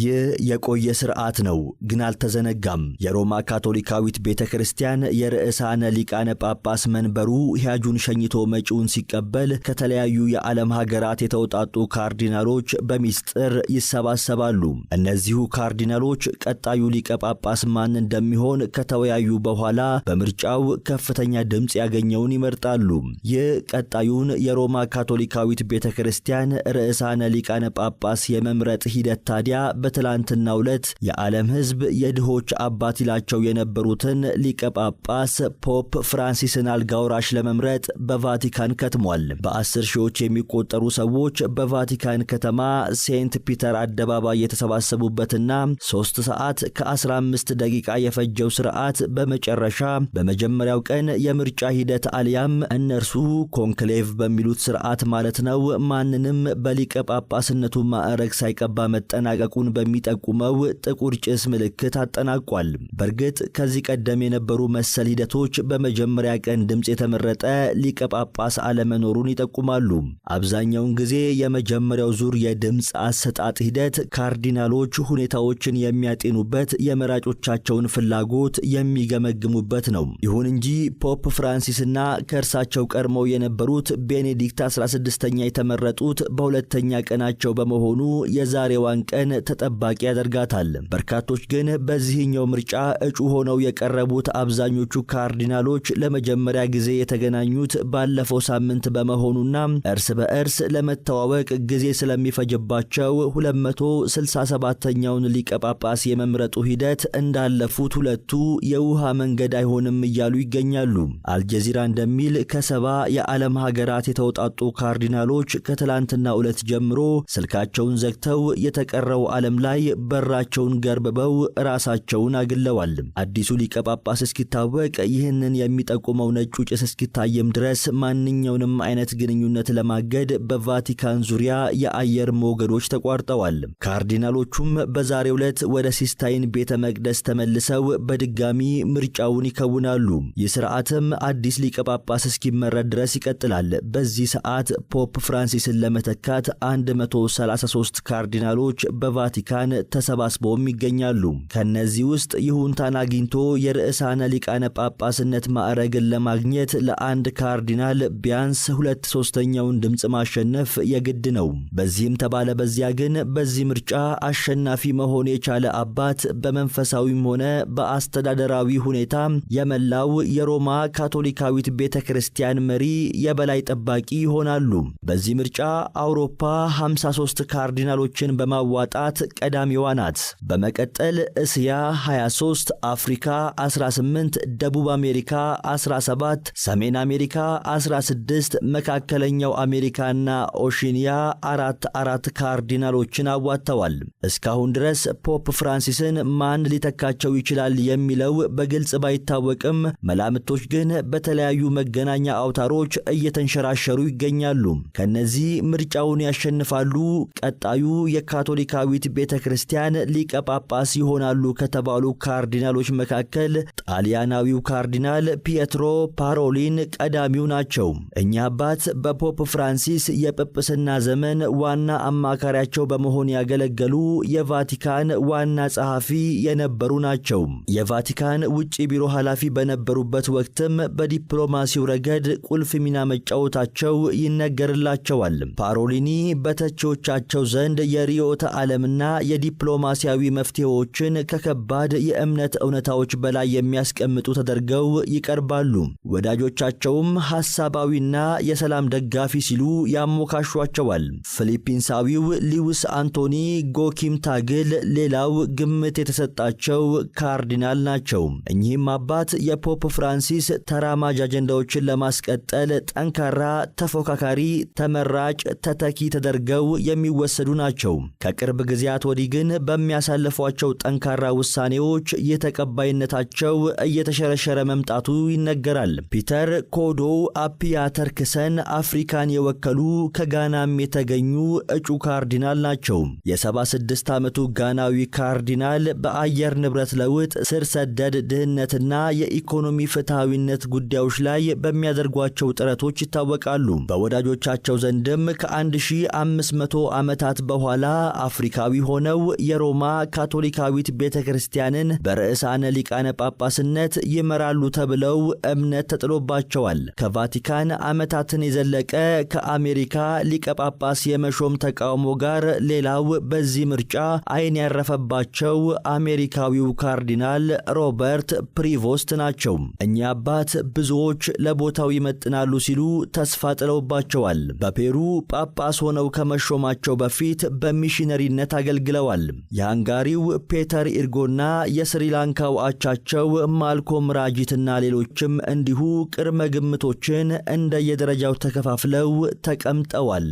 ይህ የቆየ ስርዓት ነው፣ ግን አልተዘነጋም። የሮማ ካቶሊካዊት ቤተ ክርስቲያን የርዕሳነ ሊቃነ ጳጳስ መንበሩ ሂያጁን ሸኝቶ መጪውን ሲቀበል ከተለያዩ የዓለም ሀገራት የተውጣጡ ካርዲናሎች በሚስጥር ይሰባሰባሉ። እነዚሁ ካርዲናሎች ቀጣዩ ሊቀ ጳጳስ ማን እንደሚሆን ከተወያዩ በኋላ በምርጫው ከፍተኛ ድምፅ ያገኘውን ይመርጣሉ። ይህ ቀጣዩን የሮማ ካቶሊካዊት ቤተ ክርስቲያን ርዕሳነ ሊቃነ ጳጳስ የመምረጥ ሂደት ታዲያ በትላንትናው ዕለት የዓለም ሕዝብ የድሆች አባት ይላቸው የነበሩትን ሊቀ ጳጳስ ፖፕ ፍራንሲስን አልጋውራሽ ለመምረጥ በቫቲካን ከትሟል። በአስር ሺዎች የሚቆጠሩ ሰዎች በቫቲካን ከተማ ሴንት ፒተር አደባባይ የተሰባሰቡበትና ሶስት ሰዓት ከ15 ደቂቃ የፈጀው ስርዓት በመጨረሻ በመጀመሪያው ቀን የምርጫ ሂደት አልያም እነርሱ ኮንክሌቭ በሚሉት ስርዓት ማለት ነው ማንንም በሊቀ ጳጳስነቱ ማዕረግ ሳይቀባ መጠናቀቁን በሚጠቁመው ጥቁር ጭስ ምልክት አጠናቋል። በእርግጥ ከዚህ ቀደም የነበሩ መሰል ሂደቶች በመጀመሪያ ቀን ድምፅ የተመረጠ ሊቀ ጳጳስ አለመኖሩን ይጠቁማሉ። አብዛኛውን ጊዜ የመጀመሪያው ዙር የድምፅ አሰጣጥ ሂደት ካርዲናሎች ሁኔታዎችን የሚያጤኑበት፣ የመራጮቻቸውን ፍላጎት የሚገመግሙበት ነው። ይሁን እንጂ ፖፕ ፍራንሲስና ከእርሳቸው ቀድመው የነበሩት ቤኔዲክት 16ኛ የተመረጡት በሁለተኛ ቀናቸው በመሆኑ የዛሬዋን ቀን ተጠባቂ ያደርጋታል። በርካቶች ግን በዚህኛው ምርጫ እጩ ሆነው የቀረቡት አብዛኞቹ ካርዲናሎች ለመጀመሪያ ጊዜ የተገናኙት ባለፈው ሳምንት በመሆኑና እርስ በእርስ ለመተዋወቅ ጊዜ ስለሚፈጅባቸው 267ኛውን ሊቀ ጳጳስ የመምረጡ ሂደት እንዳለፉት ሁለቱ የውሃ መንገድ አይሆንም እያሉ ይገኛሉ። አልጀዚራ እንደሚል ከሰባ የዓለም ሀገራት የተውጣጡ ካርዲናሎች ከትላንትና ዕለት ጀምሮ ስልካቸውን ዘግተው የተቀረው ዓለም ዓለም ላይ በራቸውን ገርብበው ራሳቸውን አግለዋል። አዲሱ ሊቀ ጳጳስ እስኪታወቅ ይህንን የሚጠቁመው ነጩ ጭስ እስኪታየም ድረስ ማንኛውንም አይነት ግንኙነት ለማገድ በቫቲካን ዙሪያ የአየር ሞገዶች ተቋርጠዋል። ካርዲናሎቹም በዛሬው ዕለት ወደ ሲስታይን ቤተ መቅደስ ተመልሰው በድጋሚ ምርጫውን ይከውናሉ። ይህ ስርዓትም አዲስ ሊቀ ጳጳስ እስኪመረጥ ድረስ ይቀጥላል። በዚህ ሰዓት ፖፕ ፍራንሲስን ለመተካት 133 ካርዲናሎች በቫቲ ቫቲካን ተሰባስበውም ይገኛሉ። ከእነዚህ ውስጥ ይሁንታን አግኝቶ የርዕሳነ ሊቃነ ጳጳስነት ማዕረግን ለማግኘት ለአንድ ካርዲናል ቢያንስ ሁለት ሶስተኛውን ድምፅ ማሸነፍ የግድ ነው። በዚህም ተባለ በዚያ ግን በዚህ ምርጫ አሸናፊ መሆን የቻለ አባት በመንፈሳዊም ሆነ በአስተዳደራዊ ሁኔታ የመላው የሮማ ካቶሊካዊት ቤተ ክርስቲያን መሪ የበላይ ጠባቂ ይሆናሉ። በዚህ ምርጫ አውሮፓ 53 ካርዲናሎችን በማዋጣት ቀዳሚዋ ናት። በመቀጠል እስያ 23፣ አፍሪካ 18፣ ደቡብ አሜሪካ 17፣ ሰሜን አሜሪካ 16፣ መካከለኛው አሜሪካና ኦሺኒያ አራት አራት ካርዲናሎችን አዋጥተዋል። እስካሁን ድረስ ፖፕ ፍራንሲስን ማን ሊተካቸው ይችላል የሚለው በግልጽ ባይታወቅም መላምቶች ግን በተለያዩ መገናኛ አውታሮች እየተንሸራሸሩ ይገኛሉ። ከነዚህ ምርጫውን ያሸንፋሉ፣ ቀጣዩ የካቶሊካዊት ቤተ ክርስቲያን ሊቀ ጳጳስ ይሆናሉ ከተባሉ ካርዲናሎች መካከል ጣሊያናዊው ካርዲናል ፒየትሮ ፓሮሊን ቀዳሚው ናቸው። እኚህ አባት በፖፕ ፍራንሲስ የጵጵስና ዘመን ዋና አማካሪያቸው በመሆን ያገለገሉ የቫቲካን ዋና ጸሐፊ የነበሩ ናቸው። የቫቲካን ውጭ ቢሮ ኃላፊ በነበሩበት ወቅትም በዲፕሎማሲው ረገድ ቁልፍ ሚና መጫወታቸው ይነገርላቸዋል። ፓሮሊኒ በተቺዎቻቸው ዘንድ የርዕዮተ ዓለምና የዲፕሎማሲያዊ መፍትሄዎችን ከከባድ የእምነት እውነታዎች በላይ የሚያስቀምጡ ተደርገው ይቀርባሉ። ወዳጆቻቸውም ሐሳባዊና የሰላም ደጋፊ ሲሉ ያሞካሿቸዋል። ፊሊፒንሳዊው ሊዊስ አንቶኒ ጎኪም ታግል ሌላው ግምት የተሰጣቸው ካርዲናል ናቸው። እኚህም አባት የፖፕ ፍራንሲስ ተራማጅ አጀንዳዎችን ለማስቀጠል ጠንካራ ተፎካካሪ፣ ተመራጭ፣ ተተኪ ተደርገው የሚወሰዱ ናቸው። ከቅርብ ጊዜያ ከወራት ወዲህ ግን በሚያሳልፏቸው ጠንካራ ውሳኔዎች የተቀባይነታቸው እየተሸረሸረ መምጣቱ ይነገራል። ፒተር ኮዶ አፒያ ተርክሰን አፍሪካን የወከሉ ከጋናም የተገኙ እጩ ካርዲናል ናቸው። የ76 ዓመቱ ጋናዊ ካርዲናል በአየር ንብረት ለውጥ፣ ስር ሰደድ ድህነትና የኢኮኖሚ ፍትሐዊነት ጉዳዮች ላይ በሚያደርጓቸው ጥረቶች ይታወቃሉ። በወዳጆቻቸው ዘንድም ከ1500 ዓመታት በኋላ አፍሪካዊ ሆነው የሮማ ካቶሊካዊት ቤተ ክርስቲያንን በርዕሳነ ሊቃነ ጳጳስነት ይመራሉ ተብለው እምነት ተጥሎባቸዋል። ከቫቲካን ዓመታትን የዘለቀ ከአሜሪካ ሊቀ ጳጳስ የመሾም ተቃውሞ ጋር ሌላው በዚህ ምርጫ ዓይን ያረፈባቸው አሜሪካዊው ካርዲናል ሮበርት ፕሪቮስት ናቸው። እኚህ አባት ብዙዎች ለቦታው ይመጥናሉ ሲሉ ተስፋ ጥለውባቸዋል። በፔሩ ጳጳስ ሆነው ከመሾማቸው በፊት በሚሽነሪነት አገልግለዋል። የሃንጋሪው ፔተር ኢርጎና የስሪላንካው አቻቸው ማልኮም ራጂትና ሌሎችም እንዲሁ ቅድመ ግምቶችን እንደየደረጃው ተከፋፍለው ተቀምጠዋል።